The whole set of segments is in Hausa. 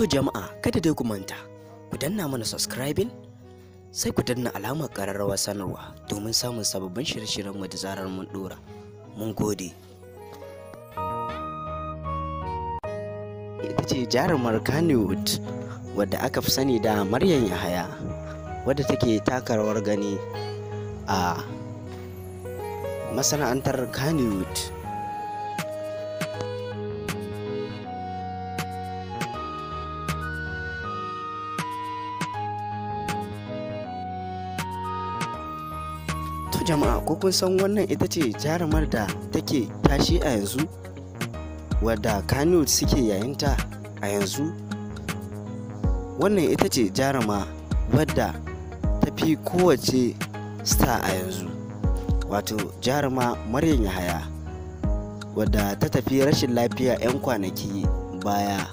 To jama'a kada dai ku manta ku danna mana subscribing sai ku danna alamar ƙararrawar sanarwa domin samun sababbin shirye-shiryenmu da zarar mun ɗora. Mun gode. Ita ce jarumar Kannywood wadda aka fi sani da Maryam Yahaya wadda take taka rawar gani a masana'antar Kannywood. To jama'a ko kun san wannan ita ce jarumar da take tashi a yanzu wadda kanu suke yayinta a yanzu wannan ita ce jaruma wadda ta fi kowace star a yanzu wato jaruma Maryam Yahaya wadda ta tafi rashin lafiya 'yan kwanaki baya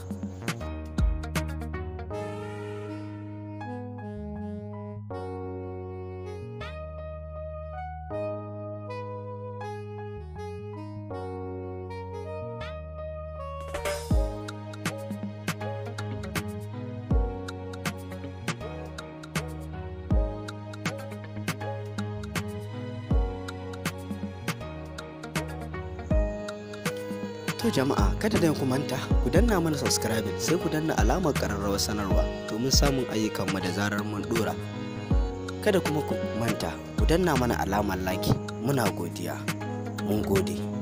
To jama'a kada da ku manta ku danna mana subscribe sai ku danna alamar ƙararrawar sanarwa domin samun ayyukanmu da zarar mun dora. Kada kuma ku manta ku danna mana alamar like muna godiya. Mun gode.